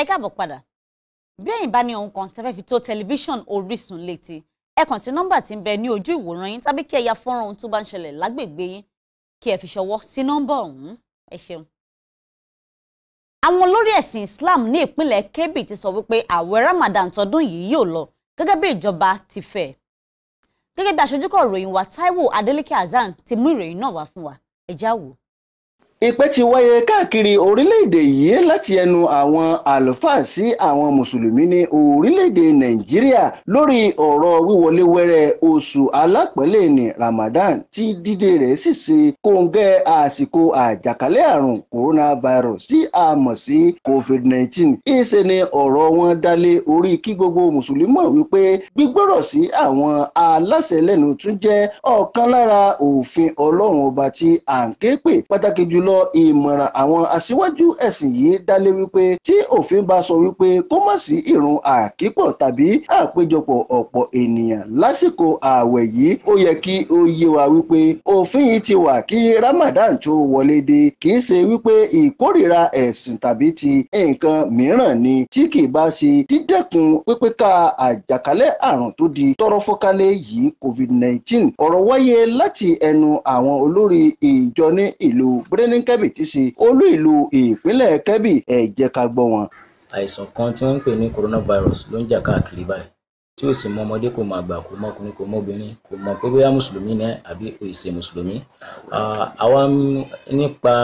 ẹ káàbọ̀ padà bí ẹ̀yin bá ní ohun kan tẹ́ fẹ́ fi tó tẹlifíṣàn Orísun létí ẹ kàn sí nọ́mbà tí ń bẹ ní ojú ìwòran yín tàbí kí ẹ ya fọ́nrán ohun tó bá ń ṣẹlẹ̀ lágbègbè yín kí ẹ fi ṣọwọ́ sí nọ́mbà ọ̀hún ẹ ṣeun. àwọn olórí ẹ̀sìn Islam ní ìpínlẹ̀ Kebbi ti sọ wípé ààwẹ̀ Ramadan tọdún yìí yóò lọ gẹ́gẹ́ bí ìjọba ti fẹ́ gẹ́gẹ́ bí aṣojúkọ̀ ìròyìn wa Taiwo Adeleke Hasan ti mú ìròyìn náà wá fún wa ẹ já wò ìpè ti wáyé káàkiri orílẹ̀-èdè yìí láti ẹnu àwọn àlùfáà sí àwọn mùsùlùmí ní orílẹ̀-èdè nàìjíríà lórí ọ̀rọ̀ wíwọlé wẹ́rẹ́ oṣù alápẹ̀lẹ̀ ní ramadan tí dídé rẹ̀ sì ṣe kòǹgẹ́ àsìkò àjàkálẹ̀ àrùn coronavirus tí a mọ̀ sí covid-19 ìṣe ni ọ̀rọ̀ wọn dálé orí kí gbogbo mùsùlùmí mọ̀ wípé gbígbọ́rọ̀ sí àwọn aláṣẹ lẹ́nu tún jẹ́ ọ̀kan lára òfin ọlọ́run ọba tí à ń ké pè pàtàkì jùlọ ọ̀rọ̀ ìmọ̀ràn àwọn aṣíwájú ẹ̀sìn yìí dálé wípé tí òfin bá sọ wípé kó má sí ìrun àkípọ̀ tàbí àpéjọpọ̀ ọ̀pọ̀ ènìyàn lásìkò ààwẹ̀ yìí ó yẹ kí ó yé wa wípé òfin yìí ti wà kí Ramadan tó wọlé dé kì í ṣe wípé ìkórìíra ẹ̀sìn tàbí ti nǹkan mìíràn ni tí kì í bá ṣe dídẹ́kun pípéka àjàkálẹ̀ àrùn tó di tọrọfọ́kálẹ̀ yìí covid-19 ọ̀rọ̀ wáyé láti ẹnu àwọn olórí ìjọ ní ìlú Brenin Kẹ́bì ti ṣe olú ìlú ìpínlẹ̀ Kẹ́bì ẹ jẹ́ ká gbọ́ wọn. àìsàn kan tí wọ́n ń pè ní coronavirus ló ń jà káàkiri báyìí tí ó sì mọ ọmọdé kò mọ àgbà kò mọ ọkùnrin kò mọ obìnrin kò mọ pé bóyá mùsùlùmí ni àbí òṣè mùsùlùmí àwa nípa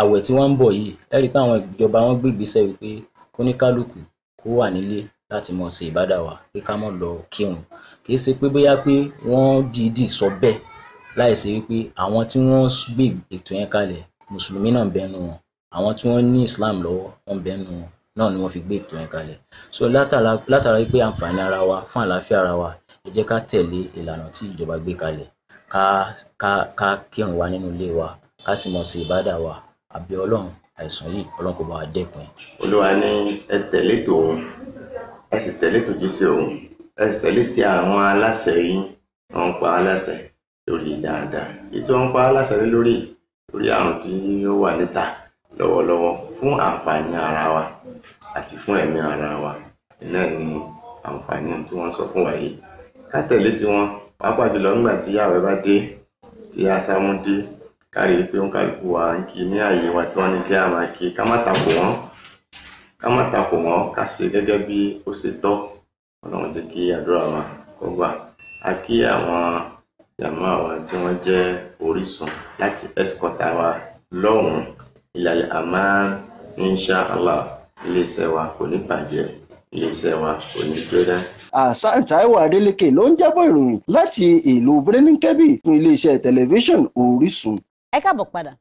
àwẹ̀ tí wọ́n ń bọ̀ yìí ẹ rí i pé àwọn ìjọba wọn gbé ìgbésẹ̀ wípé kóníkálùkù kó wà nílé láti mọ̀ ṣe ìbádà wa pé ká mọ̀ lọ kírun kì í ṣe pé bóyá pé wọ́n dìídì sọ bẹ́ẹ̀ láì ṣe wípé àwọn tí wọ́n gbé ètò yẹn kalẹ̀ mùsùlùmí náà ń bẹ wọn àwọn tí wọ́n ní islam lọ́wọ́ wọ́n ń bẹ nínú wọn náà ni wọ́n fi gbé ètò yẹn kalẹ̀ so látara látara pé àǹfààní ara wa fún àlàáfíà ara wa ẹ jẹ́ ká tẹ̀lé ìlànà tí ìjọba gbé kalẹ̀ ká ká ká kírun wa nínú ilé wa ká sì mọ ṣe ìbádà wa àbí Ọlọ́run àìsàn yìí Ọlọ́run kò bá wa dẹ́kun ẹ̀. Olúwa ní ẹ tẹ̀lé tòun ẹ sì tẹ̀lé tòjúṣe òun ẹ sì tẹ̀lé ti àwọn aláṣẹ yín wọ́n ń pa aláṣẹ lórí dáadáa ètò wọ́n ń pa aláṣẹ lórí lórí àrùn tí ó wà níta lọ́wọ́lọ́wọ́ fún àǹfààní ara wa àti fún ẹ̀mí ara wa náà ni àǹfààní tí wọ́n sọ fún wa yìí ká tẹ̀lé tiwọn pàápàá jùlọ nígbà tí ààwẹ̀ bá dé tí ásámú dé ká rí i pé oníkálukú wa ń kí ní ààyè wa tí wọ́n ní kí a máa kí ká má takò wọ́n ká má takò wọ́n ká ṣe gẹ́gẹ́ bí ó ṣe tọ́ ọlọ́run jẹ́ kí àdúrà wa kó gbà á kí àwọn jàmáà wa tí wọ́n jẹ́ orísun láti headquarter wa lọ́hùn-ún ìlàlẹ̀ amán insha allah iléeṣẹ́ wa kò ní bàjẹ́ iléeṣẹ́ wa kò ní jóná. Hasan Taiwo Adeleke ló ń jábọ̀ ìròyìn láti ìlú Birnin Kebbi fún iléeṣẹ́ tẹlifíṣàn Orísun. Ẹ káàbọ̀ padà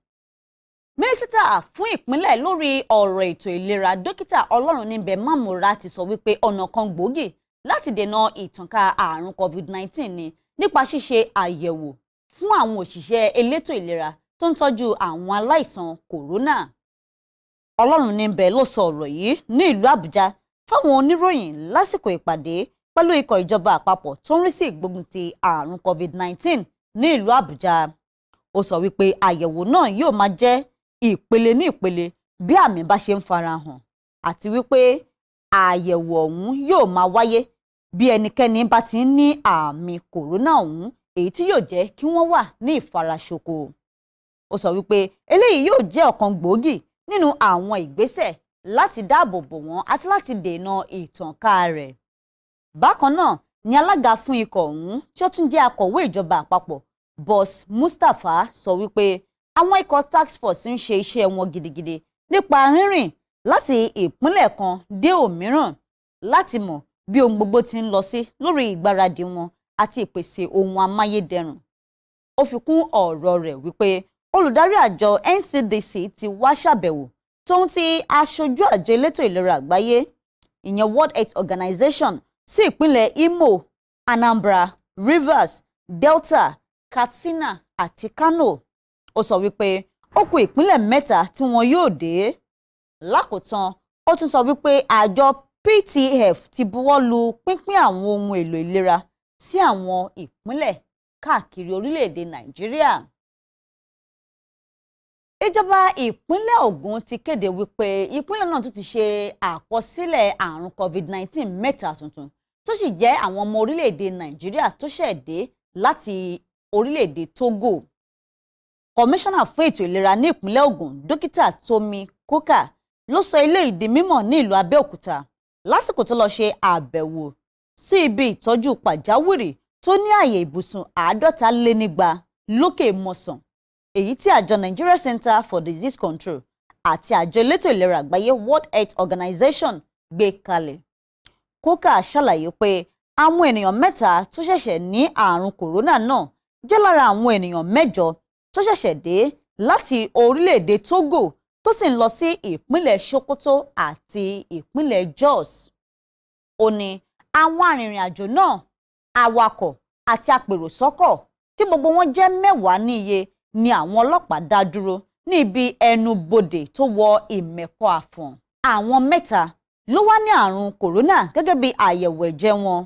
mínísítà fún ìpínlẹ̀ lórí ọ̀rọ̀ ètò ìlera dókítà Ọlọ́runnímbẹ̀ Mamora ti sọ wípé ọ̀nà kan gbòógì láti dènà ìtànká ààrùn COVID-19 ni nípa ṣíṣe àyẹ̀wò fún àwọn òṣìṣẹ́ elétò ìlera tó ń tọ́jú àwọn aláìsàn kòrónà ọlọ́run níbẹ̀ ló sọ ọ̀rọ̀ yìí ní ìlú àbújá fáwọn oníròyìn lásìkò ìpàdé pẹ̀lú ikọ̀ ìjọba àpapọ̀ tó ń rí sí ìgbógun àrùn covid-19 ní ìlú àbújá ó sọ wípé àyẹ̀wò náà yóò máa jẹ́ ìpele ní ìpele bí àmì bá ṣe ń farahàn àti wípé àyẹ̀wò ọ̀hún yóò máa wáyé bí ẹnikẹ́ni bá ti ń ní àmì kòrónà ọ̀hún èyí tí yóò jẹ́ kí wọ́n wà ní ìfaraṣoko. ó sọ wípé eléyìí yóò jẹ́ ọ̀kan gbòógì nínú àwọn ìgbésẹ̀ láti dáàbò bò wọ́n àti láti dènà ìtànká rẹ̀. bákan náà ni alága fún ikọ̀ ọ̀hún tí ó tún jẹ́ akọ̀wé ìjọba àpapọ̀ Boss Mustapha sọ wípé àwọn ikọ̀ task force ń ṣe iṣẹ́ wọn gidigidi nípa rínrìn láti ìpínlẹ̀ kan dé òmíràn láti mọ̀ bí ohun gbogbo ti ń lọ sí lórí ìgbáradì wọn àti ìpèsè ohun amáyédẹrùn ó fi kún ọ̀rọ̀ rẹ̀ wípé olùdarí àjọ NCDC ti wá ṣàbẹ̀wò tóun ti aṣojú àjọ elétò ìlera àgbáyé ìyẹn World Health Organization sí ìpínlẹ̀ Imo Anambra Rivers Delta Katsina àti Kano ó sọ wípé ó kù ìpínlẹ̀ mẹ́ta tí wọn yóò dé lákòótán ó tún sọ wípé àjọ PTF ti buwọ́ lu pínpín àwọn ohun èlò ìlera sí àwọn ìpínlẹ̀ káàkiri orílẹ̀-èdè Nàìjíríà. Ìjọba ìpínlẹ̀ Ògùn ti kéde wípé ìpínlẹ̀ náà tún ti ṣe àkọsílẹ̀ àrùn COVID-19 mẹ́ta tuntun tó sì jẹ́ àwọn ọmọ orílẹ̀ Nàìjíríà tó ṣẹ̀ láti orílẹ̀ Togo. Kọmíṣánná fún ètò ìlera ní ìpínlẹ̀ Ògùn dókítà Tomi Koka ló sọ eléyìí di mímọ̀ ní ìlú Abẹ́òkúta lásìkò tó lọ ṣe àbẹ̀wò sí ibi ìtọ́jú pàjáwìrì tó ní àyè ìbùsùn àádọ́ta lé nígba lókè mọ̀sán èyí tí àjọ Nigeria Center for Disease Control àti àjọ elétò ìlera àgbáyé World Health Organization gbé kalẹ̀ kókà ṣàlàyé pé àwọn ènìyàn mẹ́ta tó ṣẹ̀ṣẹ̀ ní àrùn kòrónà náà jẹ́ lára àwọn ènìyàn mẹ́jọ tó ṣẹ̀ṣẹ̀ dé láti orílẹ̀-èdè Togo tó sì ń lọ sí ìpínlẹ̀ Sokoto àti ìpínlẹ̀ Jos ó ní àwọn arìnrìn-àjò náà awakọ̀ àti apèròsọ́kọ̀ tí gbogbo wọn jẹ́ mẹ́wàá níye ni àwọn ọlọ́pàá dá dúró níbi ẹnubodè tó wọ ìmẹ̀kọ àfọ̀n àwọn mẹ́ta ló wá ní àrùn kòrónà gẹ́gẹ́ bí àyẹ̀wò ẹ̀jẹ̀ wọn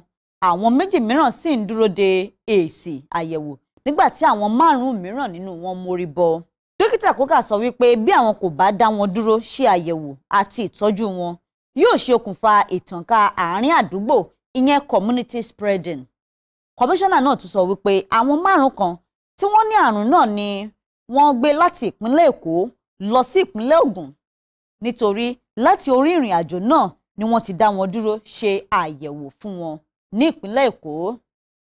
àwọn méjì mìíràn sì ń dúró de èsì àyẹ̀wò nígbà tí àwọn márùn-ún mìíràn nínú wọn mórí bọ́ dókítà kókà sọ wípé bí àwọn kò bá dá wọn dúró ṣe àyẹ̀wò àti ìtọ́jú wọn yóò ṣe okùnfà ìtànká àárín àdúgbò ìyẹn community spreading kọmíṣánná náà tún sọ wípé àwọn márùn kan tí wọ́n ní àrùn náà ni wọ́n gbé láti ìpínlẹ̀ èkó lọ sí ìpínlẹ̀ ògùn nítorí láti orí ìrìn àjò náà ni wọ́n ti dá wọn dúró ṣe àyẹ̀wò fún wọn ní ìpínlẹ̀ èkó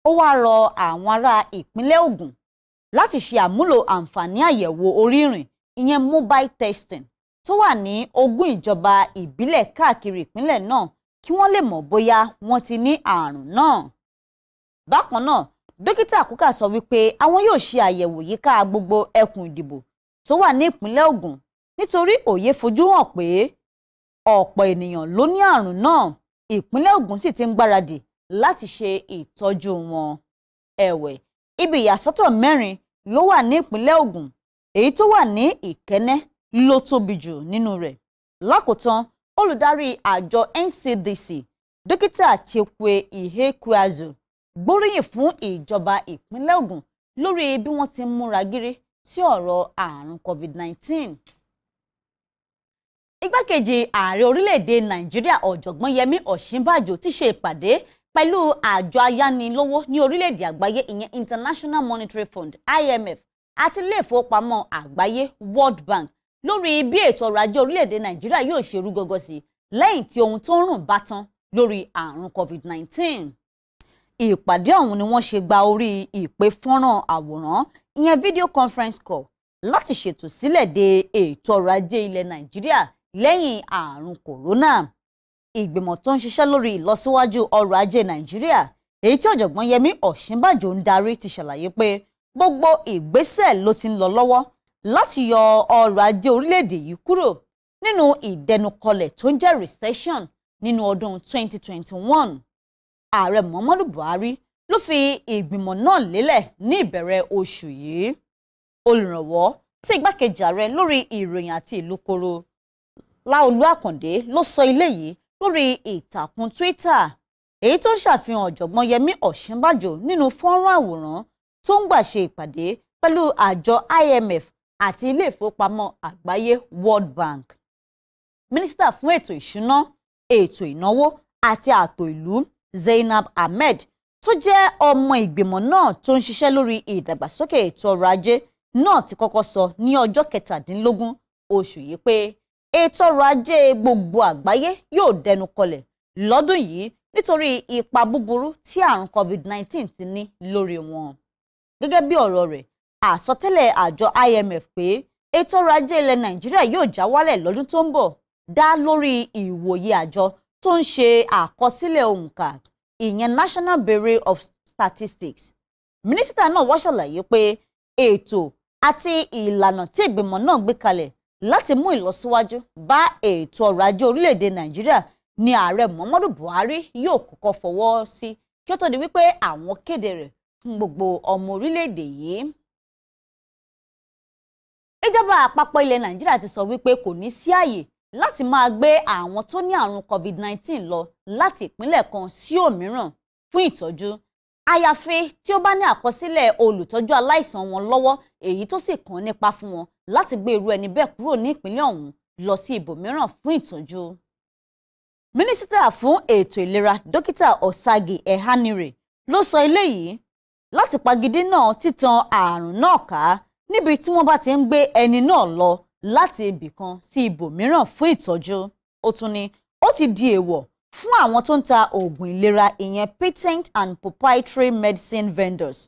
ó wáá rọ àwọn ará ìpínlẹ̀ ògùn láti ṣe àmúlò àǹfààní àyẹ̀wò orí ìrìn ìyẹn mobile testing tó wà ní ogún ìjọba ìbílẹ̀ káàkiri ìpínlẹ̀ náà kí wọ́n lè mọ̀ bóyá wọ́n ti ní ààrùn náà. bákan náà dókítà Kuka sọ wípé àwọn yóò ṣe àyẹ̀wò yíká gbogbo ẹkùn ìdìbò tó wà ní ìpínlẹ̀ Ògùn nítorí òye fojú hàn pé ọ̀pọ̀ ènìyàn ló ní ààrùn náà ìpínlẹ̀ Ògùn sì ti ń gbáradì láti ṣe ìtọ́jú wọn. ẹ̀wẹ̀ ibi ìyàsọ́tọ̀ mẹ́rin ló wà ní ìpínlẹ̀ Ògùn èyí tó wà ní Ìkẹ́nẹ́ ló tóbi jù nínú rẹ̀ lákòótán olùdarí àjọ NCDC dókítà Chekwe Ihekweazu gbóríyìn fún ìjọba ìpínlẹ̀ Ògùn lórí bí wọ́n ti múra gírí sí ọ̀rọ̀ àrùn COVID-19 igbákejì ààrẹ orílẹ̀-èdè Nàìjíríà ọ̀jọ̀gbọ́n Yẹmí Ọ̀ṣínbàjò ti ṣe ìpàdé pẹ̀lú àjọ ayánilówó ní orílẹ̀-èdè àgbáyé ìyẹn International Monetary Fund IMF àti ilé ìfowópamọ́ àgbáyé World Bank lórí bí ètò ọrọ̀ ajé orílẹ̀-èdè Nàìjíríà yóò ṣe rú gọ́gọ́ sí lẹ́yìn tí ohun tó ń rùn bá tán lórí àrùn COVID-19 ìpàdé ọ̀hún ni wọ́n ṣe gba orí ìpè fọ́nrán àwòrán ìyẹn video conference call láti ṣètò sílẹ̀ de ètò ọrọ̀ ajé ilẹ̀ Nàìjíríà lẹ́yìn àrùn kòrónà ìgbìmọ̀ tó ń ṣiṣẹ́ lórí ìlọsíwájú ọrọ̀ ajé nàìjíríà èyí tí ọ̀jọ̀gbọ́n yẹmí ọ̀ṣínbàjò ń darí ti ṣàlàyé pé gbogbo ìgbésẹ̀ ló ti ń lọ lọ́wọ́ láti yọ ọrọ̀ ajé orílẹ̀-èdè yìí kúrò nínú ìdẹnukọlẹ̀ tó ń jẹ́ recession nínú ọdún 2021 ààrẹ muhammadu buhari ló fi ìgbìmọ̀ náà lélẹ̀ ní ìbẹ̀rẹ̀ oṣù yìí olùrànwọ́ sí igbákejì ààrẹ lórí ìròyìn àti ìlúkoro láolú àkàndé ló sọ ilé yìí lórí ìtàkùn Twitter èyí tó ṣàfihàn ọ̀jọ̀gbọ́n Yẹmí Ọ̀ṣínbàjò nínú fọ́nrán àwòrán tó ń gbà ṣe ìpàdé pẹ̀lú àjọ IMF àti ilé ìfowópamọ́ àgbáyé World Bank. Mínísítà fún ètò ìṣúná ètò ìnáwó àti ààtò ìlú Zainab Ahmed tó jẹ́ ọmọ ìgbìmọ̀ náà tó ń ṣiṣẹ́ lórí ìdàgbàsókè ètò ọrọ̀ ajé náà ti kọ́kọ́ sọ ní ọjọ́ kẹtàdínlógún oṣù yìí pé ètò ọrọ̀ ajé gbogbo àgbáyé yóò dẹnu kọlẹ̀ lọ́dún yìí nítorí ipa búburú tí àrùn covid-19 ti ní lórí wọn. gẹ́gẹ́ bí ọ̀rọ̀ rẹ̀ àsọtẹ́lẹ̀ àjọ IMF pé ètò ọrọ̀ ajé ilẹ̀ Nàìjíríà yóò já wálẹ̀ lọ́dún tó ń bọ̀ dá lórí ìwòye àjọ tó ń ṣe àkọsílẹ̀ òǹkà ìyẹn National Bureau of Statistics. mínísítà náà wá ṣàlàyé pé ètò àti ìlànà tí ìgbìmọ̀ náà gbé kalẹ̀ láti mú ìlọsíwájú bá ètò ọrọ̀ ajé orílẹ̀-èdè nàìjíríà ni ààrẹ muhammadu buhari yóò kọ́kọ́ fọwọ́ sí kí ó tó di wípé àwọn kéde rẹ̀ fún gbogbo ọmọ orílẹ̀-èdè yìí. ìjọba àpapọ̀ ilẹ̀ nàìjíríà ti sọ wípé kò ní sí àyè láti máa gbé àwọn tó ní àrùn covid-19 lọ láti ìpínlẹ̀ kan sí òmíràn fún ìtọ́jú àyàfi tí ó bá ní àkọsílẹ̀ olùtọ́jú aláìsàn wọn lọ́wọ́ èyí tó sì kàn nípa fún wọn láti gbé irú ẹni bẹ́ẹ̀ kúrò ní ìpínlẹ̀ ọ̀hún lọ sí ibòmíràn fún ìtọ́jú. mínísítà fún ètò ìlera dókítà ọ̀sàgì ẹ̀hánire ló sọ eléyìí láti pagidínà títan ààrùn náà ká níbi tí wọ́n bá ti ń gbé ẹni náà lọ láti ibì kan sí ibòmíràn fún ìtọ́jú ó tún ní ó ti di èèwọ̀ fún àwọn tó ń ta oògùn ìlera ìyẹn patent and proprietary medicine vendors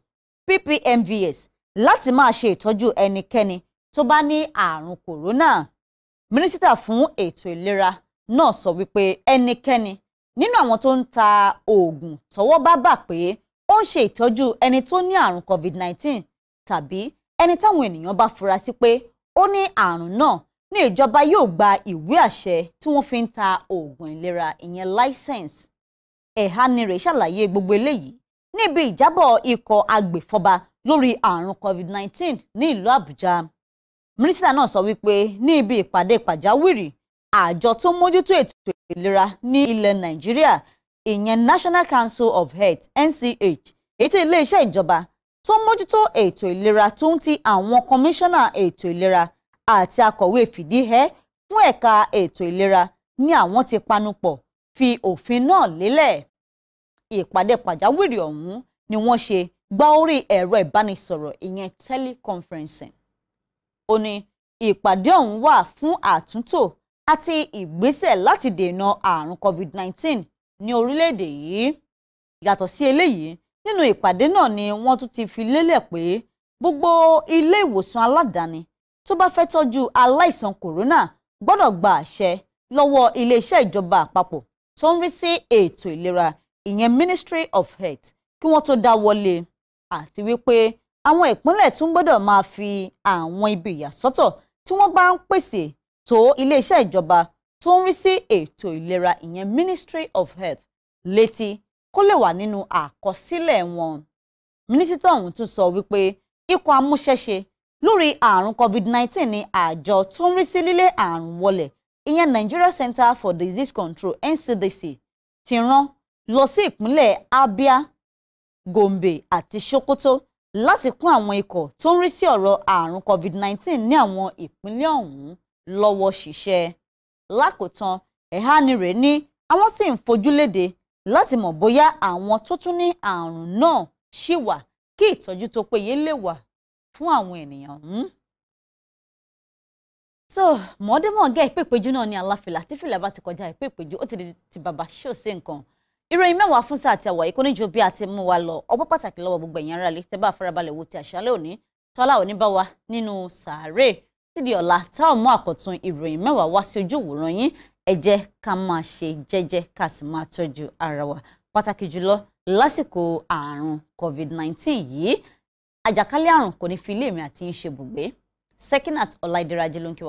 ppmvs láti máa ṣe ìtọ́jú ẹnikẹ́ni tó bá ní àrùn kòrónà mínísítà fún ètò ìlera náà sọ wípé ẹnikẹ́ni nínú àwọn tó ń ta oògùn tọ́wọ́ bá bà pé ó ń ṣe ìtọ́jú ẹni tó ní àrùn covid-19 tàbí ẹni táwọn ènìyàn bá fura sí pé ó ní àrùn náà ní ìjọba yóò gba ìwé àṣẹ tí wọ́n fi ń ta oògùn ìlera ìyẹn license Ẹ̀hánirè ṣàlàyé gbogbo eléyìí níbi ìjábọ̀ ikọ̀ agbèfọ́ba lórí àrùn covid-19 ní ìlú Àbújá mínísítà náà sọ wípé ní ibi ìpàdé pàjáwìrì àjọ tó mójútó ètò ìlera ní ilẹ̀ nàìjíríà ìyẹn National Council of Health NCH èyí tí iléeṣẹ́ ìjọba tó mójútó ètò ìlera tó ń ti àwọn kọmíṣánná ètò ìlera àti akọ̀wé fìdíhẹ́ fún ẹ̀ka ètò ìlera ní àwọn ti panupọ̀ fi òfin náà lélẹ̀ ìpàdé pàjáwìrì ọ̀hún ni wọ́n ṣe gba orí ẹ̀rọ ìbánisọ̀rọ̀ ìyẹn teleconferencing ó ní ìpàdé ọ̀hún wà fún àtúntò àti ìgbésẹ̀ láti dènà àrùn COVID-19 ní orílẹ̀-èdè yìí yàtọ̀ sí eléyìí nínú ìpàdé náà ni wọ́n tún ti fi lélẹ̀ pé gbogbo ilé ìwòsàn aládàáni tó bá fẹ́ tọ́jú aláìsàn kòrónà gbọ́dọ̀ gba àṣẹ lọ́wọ́ iléeṣẹ́ ìjọba àpapọ̀ tó ń rí sí ètò ìlera ìyẹn Ministry of Health kí wọ́n tó dá wọlé àti wípé àwọn ìpínlẹ̀ tún gbọ́dọ̀ máa fi àwọn ibi ìyàsọ́tọ̀ tí wọ́n bá ń pèsè tó iléeṣẹ́ ìjọba tó ń rí sí ètò ìlera ìyẹn Ministry of Health létí kó lè wà nínú àkọsílẹ̀ wọn. mínísítà ọ̀hún tún sọ wípé ikọ̀ amúṣẹ́ṣe lórí àrùn COVID-19 ni àjọ tó ń rí sí lílé àrùn wọlẹ̀ ìyẹn Nigeria Center for Disease Control NCDC ti rán lọ sí ìpínlẹ̀ Abia Gombe àti Sokoto láti kún àwọn ikọ̀ tó ń rí sí ọ̀rọ̀ àrùn covid-19 ní àwọn ìpínlẹ̀ ọ̀hún lọ́wọ́ ṣiṣẹ́ lákòótán Ehanire ní àwọn sì ń fojú léde láti mọ̀ bóyá àwọn tó tún ní àrùn náà ṣì wà kí ìtọ́jú tó péye lè wà fún àwọn ènìyàn so mọ̀ọ́dẹ́mọ̀ọ́gá ìpèpéjú náà ni aláfilà tí fìlà bá ti kọjá ìpèpéjú ó ti di ti bàbá ṣòṣe nǹkan ìròyìn mẹ́wàá fún sáà tí a wà yìí ní ju bí a ti mú wa lọ ọpọ́ pàtàkì lọ́wọ́ gbogbo ẹ̀yin aráalé tẹ́ bá farabalẹ̀ wo ti àṣálẹ́ òní tọ́lá òní bá wa nínú sàárè sídi ọ̀la tá ò mú àkọ́tún ìròyìn mẹ́wàá wá sí ojú ìwòran yín ẹ ká máa ṣe jẹ́jẹ́ ká sì máa tọ́jú ara wa pàtàkì jùlọ lásìkò àrùn covid-19 yìí àjàkálẹ̀ àrùn kò ní fi ilé mi àti yín ṣe bùgbé Sekinat Ọláìdíraju ló ń kí